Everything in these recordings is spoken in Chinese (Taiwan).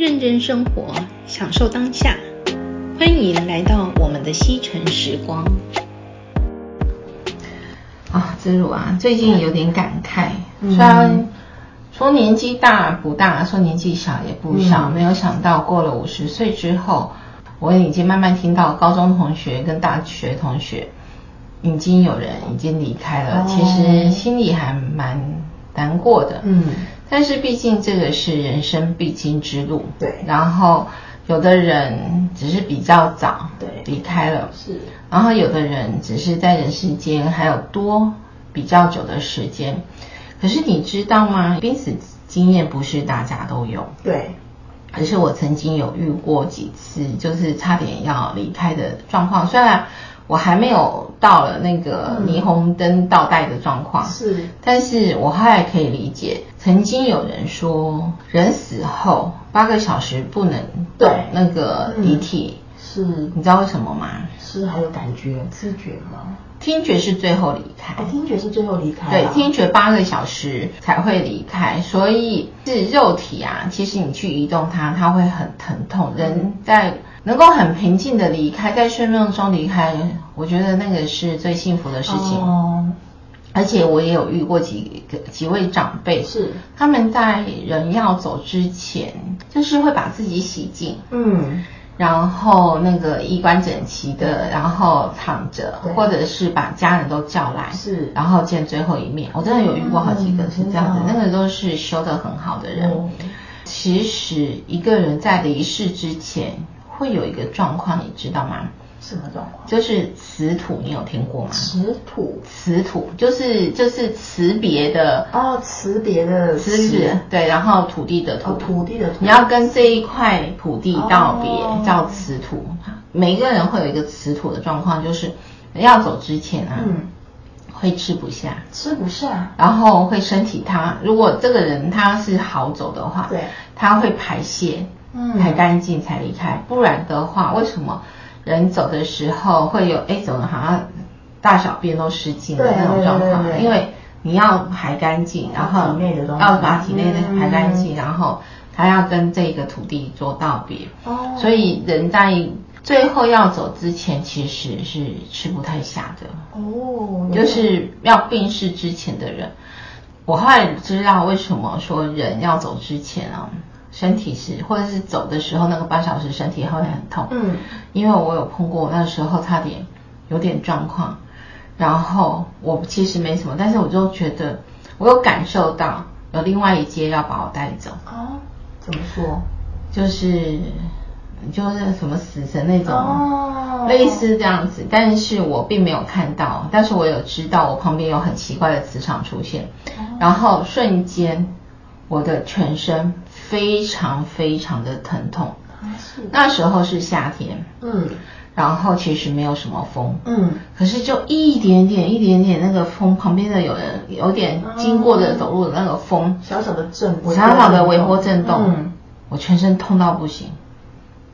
認真生活，享受當下。歡迎來到我們的西城時光。啊，子儒啊，最近有點感慨，嗯、雖然說年紀大不大，說年紀小也不小。嗯、沒有想到過了五十歲之後，我已經慢慢聽到高中同學跟大學同學，已經有人已經離開了，哦、其實心裡還蠻難過的。嗯。但是畢竟這個是人生必經之路，對。然後有的人只是比較早對離開了，是。然後有的人只是在人世間還有多比較久的時間，可是你知道嗎？瀕死經驗不是大家都有，對。而是我曾經有遇過幾次，就是差點要離開的狀況，雖然、啊。我還沒有到了那個霓虹燈倒帶的狀況，嗯、是，但是我後來可以理解，曾經有人說，人死後八個小時不能動那個遺體、嗯，是，你知道為什麼嗎？是還有感覺、知覺嗎？聽覺是最後離開，聽覺是最後離開、啊，對，聽覺八個小時才會離開，所以是肉體啊，其實你去移動它，它會很疼痛，人在。嗯能夠很平靜的離開，在睡夢中離開，我覺得那個是最幸福的事情。Oh, 而且我也有遇過幾個幾位長輩，是他們在人要走之前，就是會把自己洗淨，嗯，然後那個衣冠整齊的，然後躺着，或者是把家人都叫來，是，然後見最後一面。我真的有遇過好幾個是這樣子，嗯、那個都是修得很好的人、嗯。其實一個人在離世之前，會有一個狀況，你知道嗎？什麼狀況？就是辭土，你有聽過嗎？辭土，辭土就是就是辭別的哦，辭別的辭，對，然後土地的土，土、哦，土地的土，土，你要跟這一塊土地道別、哦，叫辭土。每一個人會有一個辭土的狀況，就是要走之前啊，嗯、會吃不下，吃不下，然後會身體他，如果這個人他是好走的話，對，他會排泄。嗯，排乾淨才離開，不然的話，為什麼人走的時候會有哎，走的好像大小便都失禁的那種狀況？對對對對對，因為你要排乾淨，然後要把體內的排乾淨，嗯，然後他要跟這個土地做道別。哦，所以人在最後要走之前，其實是吃不太下的。哦，嗯，就是要病逝之前的人，我後來知道為什麼說人要走之前啊。身體是，或者是走的時候那個半小時，身體會很痛。嗯，因為我有碰過，那時候差點有點狀況，然後我其實沒什麼，但是我就覺得我有感受到有另外一階要把我帶走。哦、啊，怎麼說？就是就是什麼死神那種、哦，類似這樣子，但是我並沒有看到，但是我有知道我旁邊有很奇怪的磁場出現，哦、然後瞬間我的全身。非常非常的疼痛的，那時候是夏天，嗯，然後其實沒有什麼風，嗯，可是就一點點一點點那個風，旁邊的有人有點經過的走路的那個風，嗯、小小的震動。小小的微波，微波，微波震動，嗯，我全身痛到不行，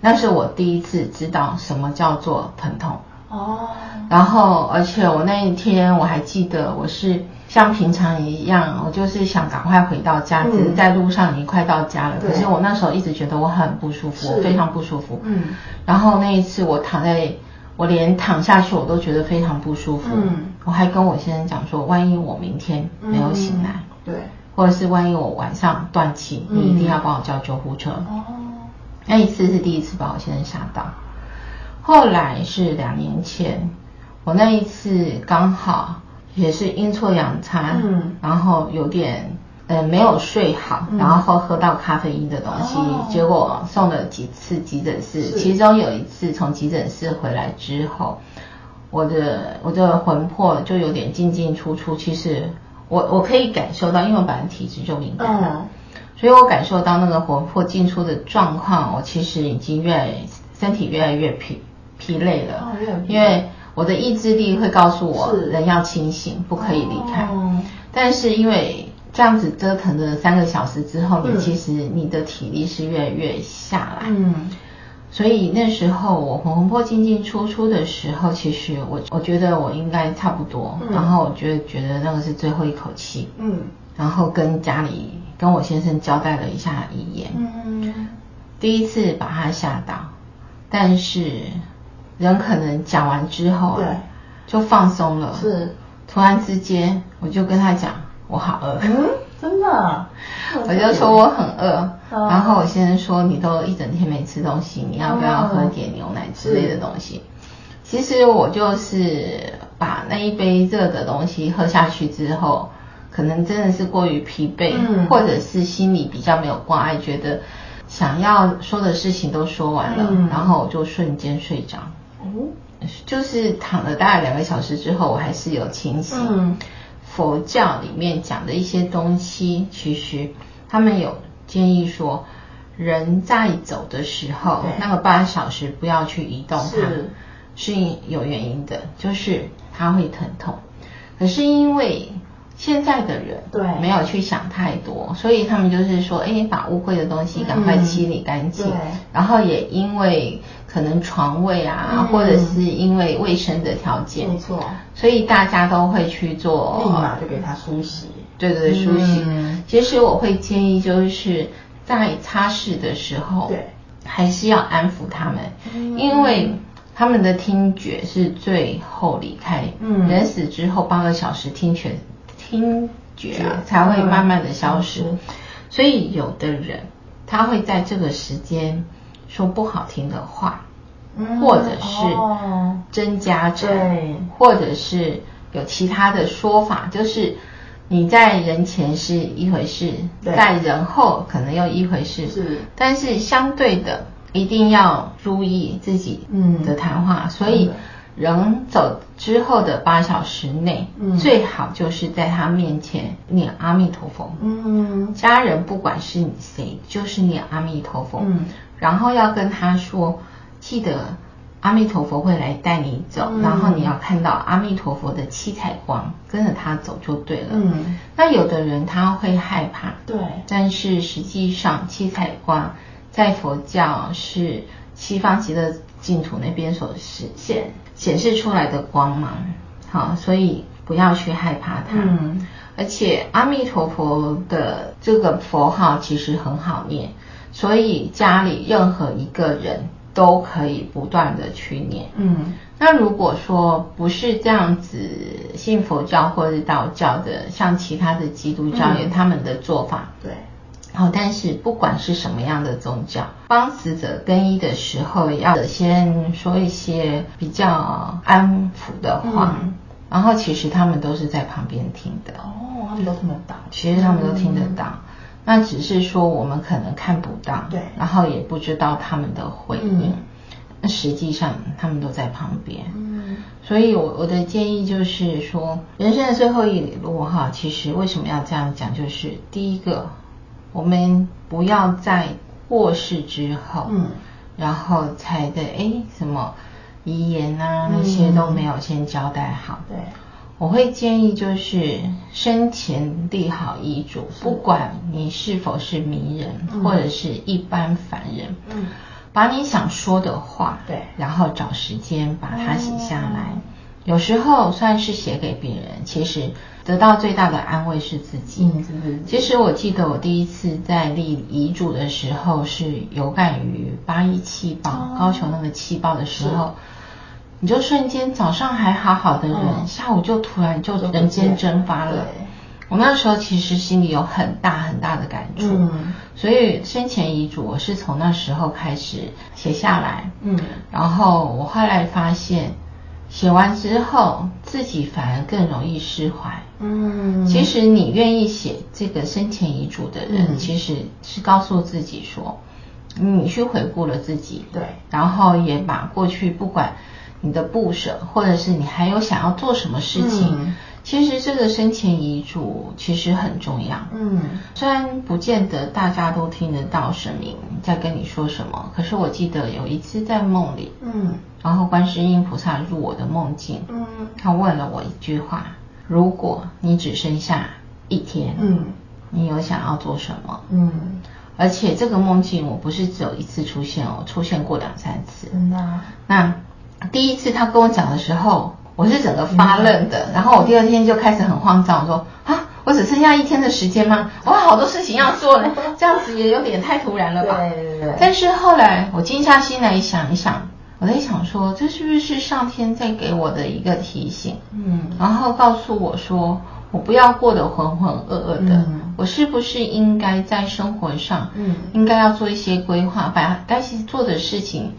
那是我第一次知道什麼叫做疼痛，哦，然後而且我那一天我還記得我是。像平常一樣，我就是想趕快回到家。只是在路上已經快到家了。嗯、可是我那時候一直覺得我很不舒服，我非常不舒服、嗯。然後那一次我躺在，我連躺下去我都覺得非常不舒服。嗯、我還跟我先生講說，萬一我明天沒有醒來，對、嗯。或者是萬一我晚上斷氣，你一定要幫我叫救護車、嗯。那一次是第一次把我先生嚇到。後來是兩年前，我那一次剛好。也是陰錯陽差，嗯，然後有點呃沒有睡好，嗯，然後喝到咖啡因的東西，哦，結果送了幾次急診室，其中有一次從急診室回來之後，我的我的魂魄就有點進進出出。其實我我可以感受到，因為我本身體質就敏感，嗯，所以我感受到那個魂魄進出的狀況，我其實已經越來身體越來越疲疲累了，哦，累，因為。我的意志力會告訴我，人要清醒，不可以離開、哦。但是因為這樣子折騰了三個小時之後、嗯，你其實你的體力是越來越下來。嗯，所以那時候我魂魄進進出出的時候，其實我我覺得我應該差不多。嗯、然後我就覺得那個是最後一口氣。嗯，然後跟家裡跟我先生交代了一下遺言。嗯，第一次把他嚇到，但是。人可能講完之後，對，就放鬆了。是，突然之間，我就跟他講，我好餓。嗯，真的。 我就說我很餓、嗯，然後我先生說你都一整天沒吃東西，你要不要喝點牛奶之類的東西？嗯、其實我就是把那一杯熱的東西喝下去之後，可能真的是過於疲憊、嗯，或者是心裡比較沒有關愛，覺得想要說的事情都說完了，嗯、然後我就瞬間睡着。就是躺了大概兩個小時之後，我還是有清醒，嗯。佛教裡面講的一些東西，其實他們有建議說，人在走的時候，那個八小時不要去移動它是，是有原因的，就是它會疼痛。可是因為。現在的人對沒有去想太多，所以他們就是說：“哎，把污穢的東西趕快清理乾淨。嗯”然後也因為可能床位啊、嗯，或者是因為衛生的條件，沒錯，所以大家都會去做，立馬就給他梳洗。對對對，嗯、梳洗。其實我會建議，就是在擦拭的時候，還還是要安撫他們、嗯，因為他們的聽覺是最後離開。嗯、人死之後半個小時，聽覺。聽覺才會慢慢的消失，嗯、所以有的人他會在這個時間說不好聽的話，嗯、或者是增加成，或者是有其他的說法，就是你在人前是一回事，在人後可能又一回事，是、但是相對的一定要注意自己的談話，嗯、所以。人走之後的八小時內、嗯，最好就是在他面前念阿彌陀佛。嗯，家人不管是你誰，就是念阿彌陀佛。嗯，然後要跟他說，記得阿彌陀佛會來帶你走、嗯，然後你要看到阿彌陀佛的七彩光，跟着他走就對了。嗯，那有的人他會害怕。對，但是實際上七彩光在佛教是西方極樂淨土那邊所實現。顯示出來的光芒，好，所以不要去害怕它。嗯，而且阿彌陀佛的這個佛號其實很好念，所以家裡任何一個人都可以不斷的去念。嗯，那如果說不是這樣子信佛教或者道教的，像其他的基督教也他們的做法，嗯，對。好，但是不管是什麼樣的宗教，幫死者更衣的時候，要先說一些比較安撫的話、嗯。然後其實他們都是在旁邊聽的。哦，他們都聽得到。其實他們都聽得到，嗯、那只是說我們可能看不到。對。然後也不知道他們的回應。那、嗯、實際上他們都在旁邊。嗯。所以我我的建議就是說，人生的最後一哩路哈，其實為什麼要這樣講？就是第一個。我們不要在過世之後，嗯、然後才對哎，什麼遺言啊，嗯、那些都沒有先交代好。對，嗯，我會建議就是生前立好遺囑，不管你是否是名人，嗯、或者是一般凡人，嗯，把你想說的話，對，嗯，然後找時間把它寫下來，嗯。有時候算是寫給別人，其實。得到最大的安慰是自己、嗯。其實我記得我第一次在立遺囑的時候，是有感於八一氣爆、嗯、高雄那個氣爆的時候，你就瞬間早上還好好的人，嗯、下午就突然就人間蒸發了、嗯。我那時候其實心裡有很大很大的感觸、嗯，所以生前遺囑我是從那時候開始寫下來。嗯，然後我後來發現。寫完之後，自己反而更容易釋懷。嗯，其實你願意寫這個生前遺囑的人，嗯、其實是告訴自己說，你去回顧了自己，對、嗯，然後也把過去不管你的不捨，或者是你還有想要做什麼事情。嗯嗯其實這個生前遺囑其實很重要，嗯，雖然不見得大家都聽得到神明在跟你說什麼，可是我記得有一次在夢裡，嗯，然後觀世音菩薩入我的夢境，嗯，他問了我一句話：如果你只剩下一天，嗯，你有想要做什麼？嗯，而且這個夢境我不是只有一次出現哦，出現過兩三次，那第一次他跟我講的時候。我是整個發愣的、嗯，然後我第二天就開始很慌張，我、嗯、說啊，我只剩下一天的時間嗎？我有好多事情要做呢，這樣子也有點太突然了吧。對對對對。但是後來我靜下心來想一想，我在想說，這是不是上天在給我的一個提醒？嗯、然後告訴我說，我不要過得渾渾噩噩的、嗯，我是不是應該在生活上，應該要做一些規劃，把該做的事情。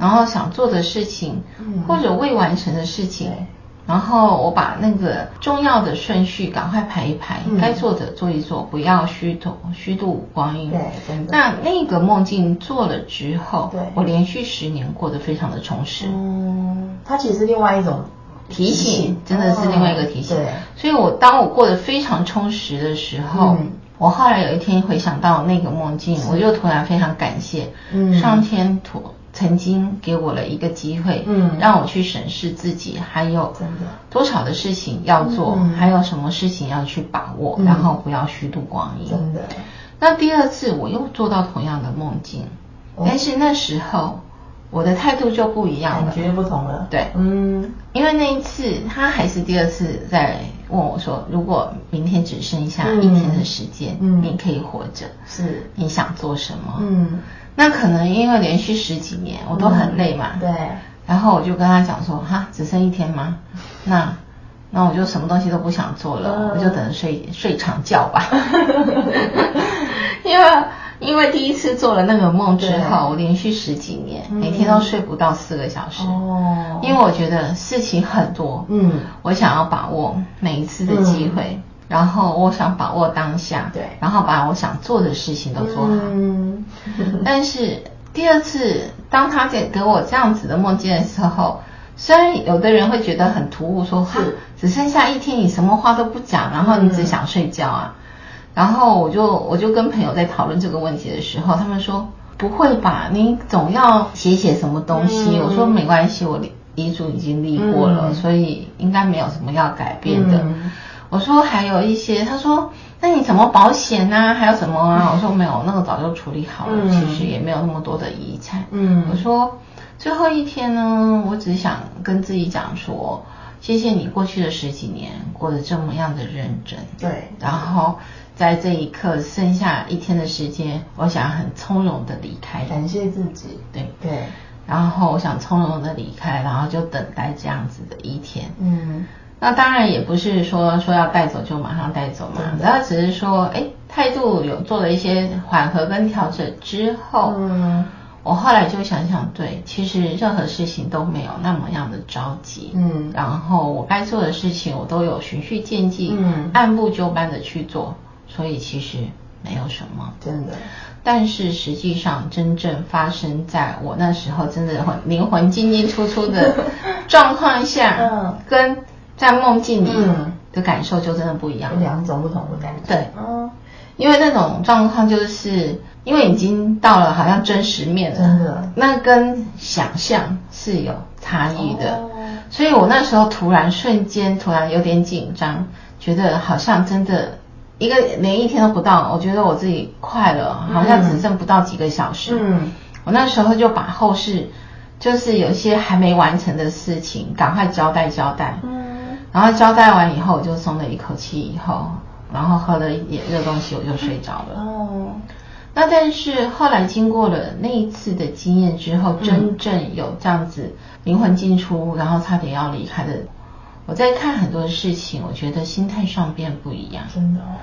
然後想做的事情、嗯，或者未完成的事情、嗯，然後我把那個重要的順序趕快排一排，嗯、該做的做一做，不要虛度虛度光陰。對、嗯，那那個夢境做了之後、嗯，我連續十年過得非常的充實。嗯、它其實是另外一種提醒，真的是另外一個提醒。嗯、所以，我當我過得非常充實的時候、嗯，我後來有一天回想到那個夢境，我就突然非常感謝、嗯、上天托，曾經給我了一個機會，嗯，讓我去審視自己，還有多少的事情要做，還有什麼事情要去把握，嗯、然後不要虛度光陰。真的。那第二次我又做到同樣的夢境，哦、但是那時候。我的態度就不一樣了，我覺得不同了。對，嗯，因為那一次他還是第二次在問我說，如果明天只剩下一天的時間、嗯嗯，你可以活着，是你想做什麼？嗯，那可能因為連續十幾年我都很累嘛、嗯，對。然後我就跟他講說，哈，只剩一天嗎？那那我就什麼東西都不想做了，嗯、我就等着睡睡長覺吧，因為。因為第一次做了那個夢之後，我連續十幾年、嗯、每天都睡不到四個小時、哦。因為我覺得事情很多，嗯，我想要把握每一次的機會、嗯，然後我想把握當下，對，然後把我想做的事情都做好。嗯， 但是第二次當他在給得我這樣子的夢境的時候，雖然有的人會覺得很突兀說，說哈，只剩下一天，你什麼話都不講，然後你只想睡覺啊。嗯嗯然後我就我就跟朋友在討論這個問題的時候，他們說不會吧？你總要寫寫什麼東西。嗯、我說沒關係，我遺囑已經立過了、嗯，所以應該沒有什麼要改變的。嗯、我說還有一些，他說那你怎麼保險呢？還有什麼啊？我說沒有，那個早就處理好了、嗯。其實也沒有那麼多的遺產。嗯，我說最後一天呢，我只想跟自己講說，謝謝你過去的十幾年過得這麼樣的認真。對，然後。在這一刻，剩下一天的時間，我想很從容的離開。感謝自己，對對。然後我想從容的離開，然後就等待這樣子的一天。嗯，那當然也不是說說要帶走就馬上帶走嘛，主、嗯、要只是說，哎，態度有做了一些緩和跟調整之後。嗯。我後來就想想，對，其實任何事情都沒有那麼樣的着急。嗯。然後我該做的事情，我都有循序漸進，嗯，按部就班的去做。所以其實沒有什麼真的，但是實際上真正發生在我那時候，真的很靈魂進進出出的狀況下，跟在夢境裡的感受就真的不一樣，兩種不同的感覺。對，嗯，因為那種狀況就是因為已經到了好像真實面了，真的，那跟想象是有差異的。所以，我那時候突然瞬間突然有點緊張，覺得好像真的。一個連一天都不到，我覺得我自己快了，好像只剩不到幾個小時。嗯，嗯，我那時候就把後事，就是有一些還沒完成的事情，趕快交代交代。嗯，然後交代完以後，我就鬆了一口氣，以後然後喝了一點熱東西，我就睡着了，嗯。哦，那但是後來經過了那一次的經驗之後，真正有這樣子靈魂進出，然後差點要離開的。我在看很多的事情，我覺得心態上變不一樣，真的啊。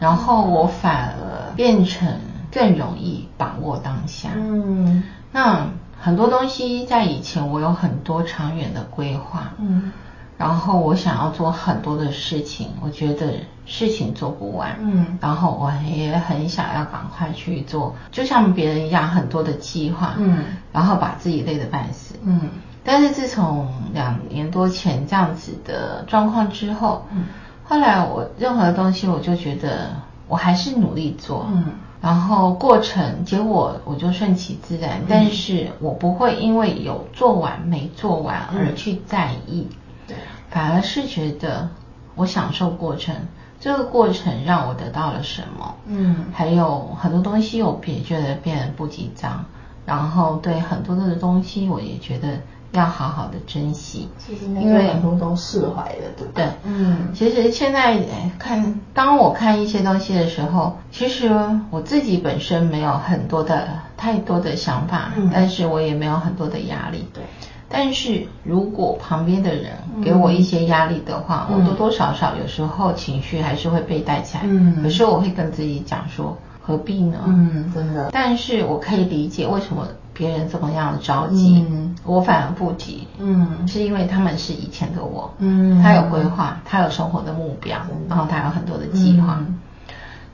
然後我反而變成更容易把握當下。嗯，那很多東西在以前我有很多長遠的規劃，嗯。然後我想要做很多的事情，我覺得事情做不完，嗯。然後我也很想要趕快去做，就像別人一樣很多的計劃，嗯。然後把自己累得半死，嗯。但是自從兩年多前這樣子的狀況之後，嗯、後來我任何東西我就覺得我還是努力做，嗯、然後過程結果我就順其自然、嗯，但是我不會因為有做完沒做完而去在意，對、嗯，反而是覺得我享受過程、嗯，這個過程讓我得到了什麼，嗯，還有很多東西，我也覺得變得不緊張、嗯，然後對很多的東西，我也覺得。要好好的珍惜，其實因為很多都釋懷了，對不對？嗯，其實現在、欸、看，當我看一些東西的時候，其實我自己本身沒有很多的太多的想法、嗯，但是我也沒有很多的壓力。對、嗯。但是如果旁邊的人給我一些壓力的話，嗯、我多多少少有時候情緒還是會被帶起來。嗯。可是我會跟自己講說，何必呢？嗯，真的。但是我可以理解為什麼。別人怎麼樣着急、嗯，我反而不急。嗯，是因為他們是以前的我。嗯，他有規劃，他有生活的目標，嗯、然後他有很多的計劃、嗯。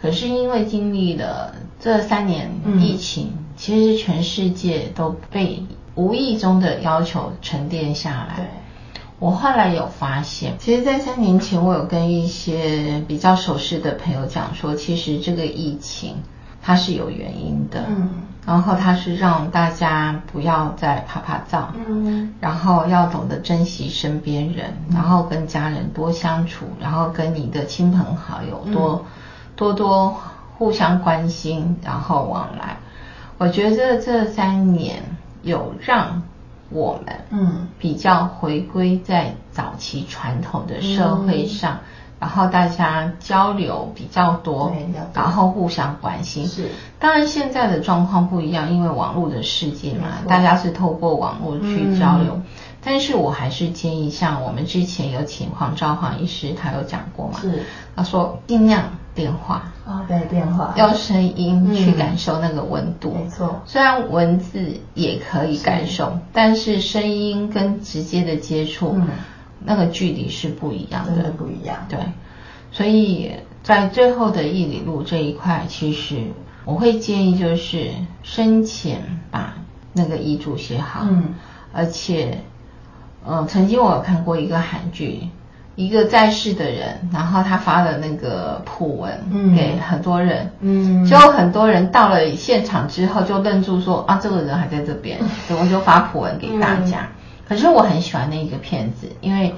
可是因為經歷了這三年疫情、嗯，其實全世界都被無意中的要求沉澱下來。對，我後來有發現，其實，在三年前，我有跟一些比較熟識的朋友講說，其實這個疫情。它是有原因的，嗯，然後它是讓大家不要再趴趴走，嗯，然後要懂得珍惜身邊人、嗯，然後跟家人多相處，然後跟你的親朋好友、嗯、多，多多互相關心，然後往來。我覺得這三年有讓我們，嗯，比較回歸在早期傳統的社會上。嗯嗯然後大家交流比較多，然後互相關心。是，當然現在的狀況不一樣，因為網絡的世界嘛，大家是透過網絡去交流。嗯、但是我還是建議，像我們之前有請黃兆煌醫師，他有講過嘛，他說盡量電話啊，對，電話，用聲音去感受那個溫度、嗯，沒錯。雖然文字也可以感受，是但是聲音跟直接的接觸。嗯嗯那個距離是不一樣的，真的不一樣。對，所以在最後的一哩路這一塊，其實我會建議就是生前把那個遺囑寫好、嗯。而且，嗯，曾經我看過一個韓劇，一個在世的人，然後他發了那個訃文給很多人。嗯，很多人到了現場之後就愣住，說、嗯、啊，這個人還在這邊， 所以我就發訃文給大家？嗯嗯可是我很喜歡那一個片子，因為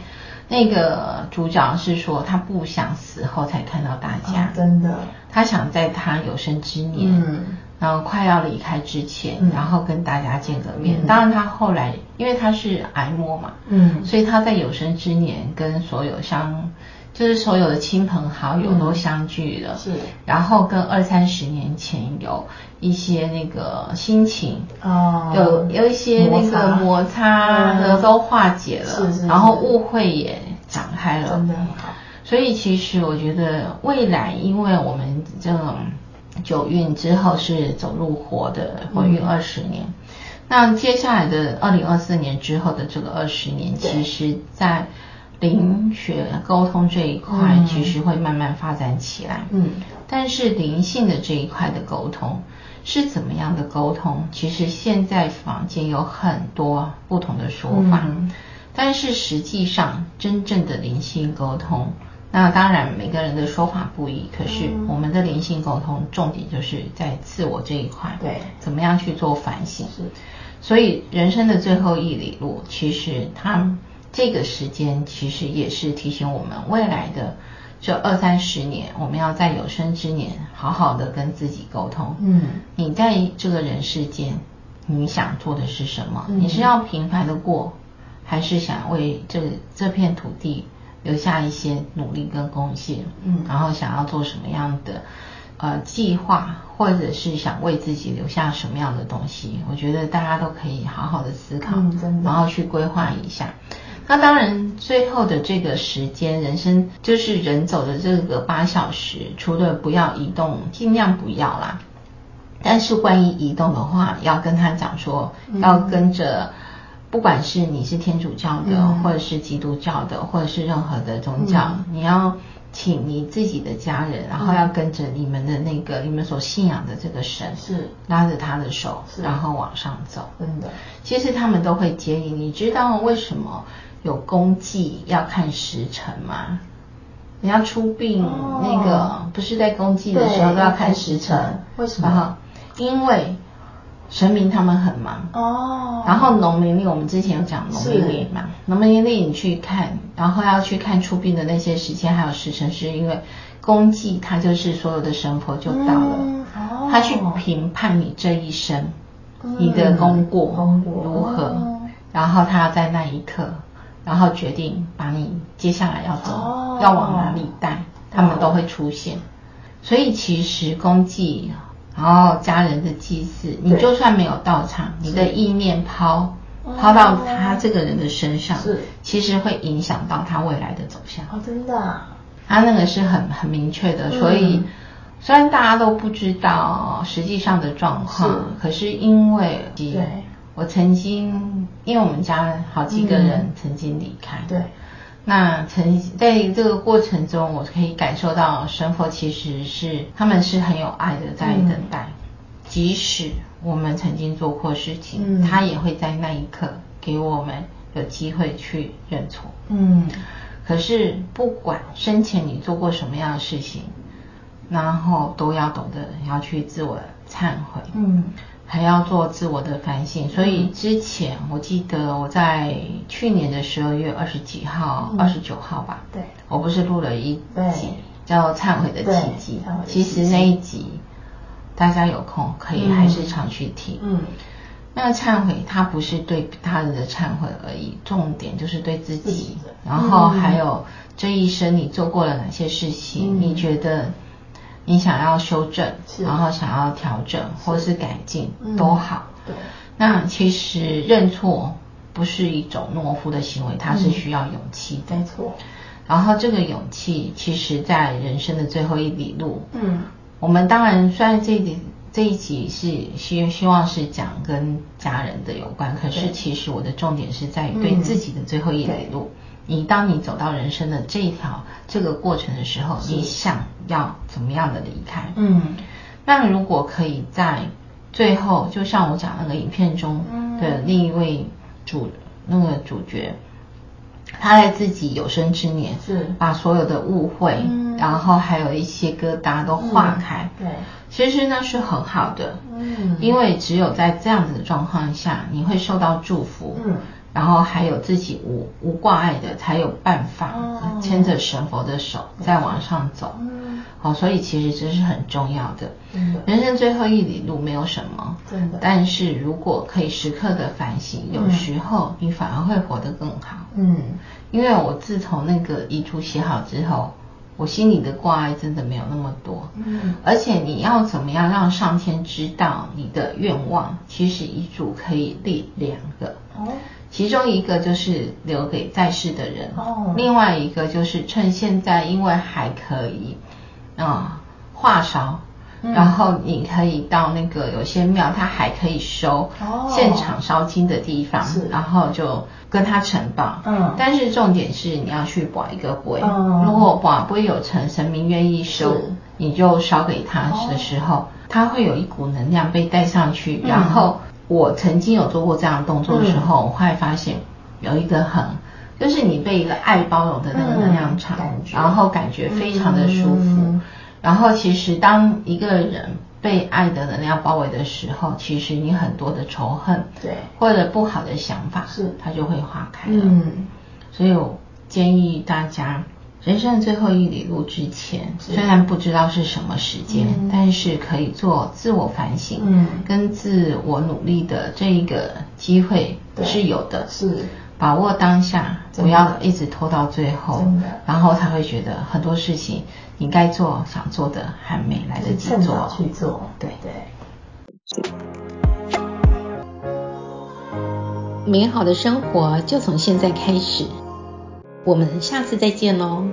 那個主角是說他不想死後才看到大家，哦、真的，他想在他有生之年，嗯、然後快要離開之前、嗯，然後跟大家見個面。當然他後來因為他是癌魔嘛、嗯，所以他在有生之年跟所有傷。就是所有的親朋好友都相聚了，嗯、是，然後跟二三十年前有一些那個心情，有、嗯、有一些那個摩擦，摩擦都化解了、嗯，然後誤會也展開了，所以其實我覺得未來，因為我們這種九運之後是走入火的火運二十年、嗯，那接下來的二零二四年之後的這個二十年，其實在。靈學溝通這一塊其實會慢慢發展起來，嗯，但是靈性的這一塊的溝通是怎麼樣的溝通？其實現在坊間有很多不同的說法，嗯，但是實際上真正的靈性溝通，那當然每個人的說法不一，可是我們的靈性溝通重點就是在自我這一塊，對，怎麼樣去做反省？所以人生的最後一哩路，其實他。這個時間其實也是提醒我們，未來的這二三十年，我們要在有生之年好好的跟自己溝通。嗯，你在這個人世間，你想做的是什麼？嗯、你是要平凡的過，還是想為這這片土地留下一些努力跟貢獻？嗯，然後想要做什麼樣的呃計劃，或者是想為自己留下什麼樣的東西？我覺得大家都可以好好的思考，嗯、然後去規劃一下。那當然，最後的這個時間，人生就是人走的這個八小時，除了不要移動，盡量不要啦。但是萬一移動的話，要跟他講說、嗯，要跟着，不管是你是天主教的、嗯，或者是基督教的，或者是任何的宗教、嗯，你要請你自己的家人，然後要跟着你們的那個、嗯、你們所信仰的這個神，是拉着他的手是，然後往上走。真的，其實他們都會接應。你知道為什麼？有公祭要看時辰嘛？你要出殯，oh, 那個不是在公祭的時候都要看時辰？為什麼？因為神明他們很忙。哦、oh,。然後農民曆我們之前有講農民曆嘛？農民曆你去看，然後要去看出殯的那些時間還有時辰，是因為公祭他就是所有的神婆就到了，他、oh, 去評判你這一生、oh, 你的功過如何，oh, oh. 然後他要在那一刻。然後決定把你接下來要走，哦、要往哪裡帶、哦，他們都會出現。哦、所以其實公祭，然後家人的祭祀，你就算沒有到場，你的意念拋、哦、拋到他這個人的身上是，其實會影響到他未來的走向。哦，真的、啊，他那個是很很明確的。所以、嗯、雖然大家都不知道實際上的狀況，是可是因為對。我曾經，因為我們家好幾個人曾經離開，嗯、對，那曾經在這個過程中，我可以感受到神佛其實是他們是很有愛的，在等待、嗯，即使我們曾經做過事情、嗯，他也會在那一刻給我們有機會去認錯。嗯，可是不管生前你做過什麼樣的事情，然後都要懂得要去自我懺悔。嗯。還要做自我的反省，所以之前我記得我在去年的十二月二十幾號、二十九號吧，對，我不是錄了一集叫《懺悔的奇蹟》奇蹟，其實那一集大家有空可以還是常去聽。嗯，那懺悔它不是對他人的懺悔而已，重點就是對自己、嗯。然後還有這一生你做過了哪些事情？嗯、你覺得？你想要修正，然後想要調整，是或是改進是都好、嗯。那其實認錯不是一種懦夫的行為，它是需要勇氣的。沒、嗯、錯。然後這個勇氣，其實在人生的最後一哩路，嗯。我們當然，雖然這一這一集是希希望是講跟家人的有關，可是其實我的重點是在於對自己的最後一哩路。嗯嗯。你當你走到人生的這一條這個過程的時候，你想要怎麼樣的離開？嗯，那如果可以在最後，就像我講那個影片中的另一位主、嗯、那個主角，他在自己有生之年是把所有的誤會、嗯，然後還有一些疙瘩都化開，嗯嗯、對，其實呢是很好的、嗯，因為只有在這樣子的狀況下，你會受到祝福，嗯。然後還有自己無、嗯、無掛礙的，才有辦法牽着神佛的手再往上走。好、嗯哦，所以其實這是很重要的。嗯、人生最後一哩路沒有什麼、嗯，但是如果可以時刻的反省、嗯，有時候你反而會活得更好。嗯，因為我自從那個遺囑寫好之後，我心裡的掛礙真的沒有那麼多。嗯、而且你要怎麼樣讓上天知道你的願望？其實遺囑可以立兩個。哦。其中一個就是留給在世的人、哦，另外一個就是趁現在，因為還可以啊、嗯、化燒、嗯，然後你可以到那個有些廟它還可以收現場燒金的地方，哦、然後就跟他呈報、嗯。但是重點是你要去保一個杯，嗯、如果保鬼有成神明願意收、嗯，你就燒給他的時候、哦，他會有一股能量被帶上去，嗯、然後。我曾經有做過這樣的動作的時候，嗯、我後來發現有一個很，就是你被一個愛包容的那個能量場、嗯，然後感覺非常的舒服、嗯。然後其實當一個人被愛的能量包圍的時候，其實你很多的仇恨，對或者不好的想法，是它就會化開了。嗯，所以我建議大家。人生的最後一里路之前，雖然不知道是什麼時間，嗯，但是可以做自我反省，嗯，跟自我努力的這一個機會是有的，是把握當下，不要一直拖到最後，然後才會覺得很多事情你該做想做的還沒來得及做，就是，去做，對對。美好的生活就從現在開始。我們下次再見嘍。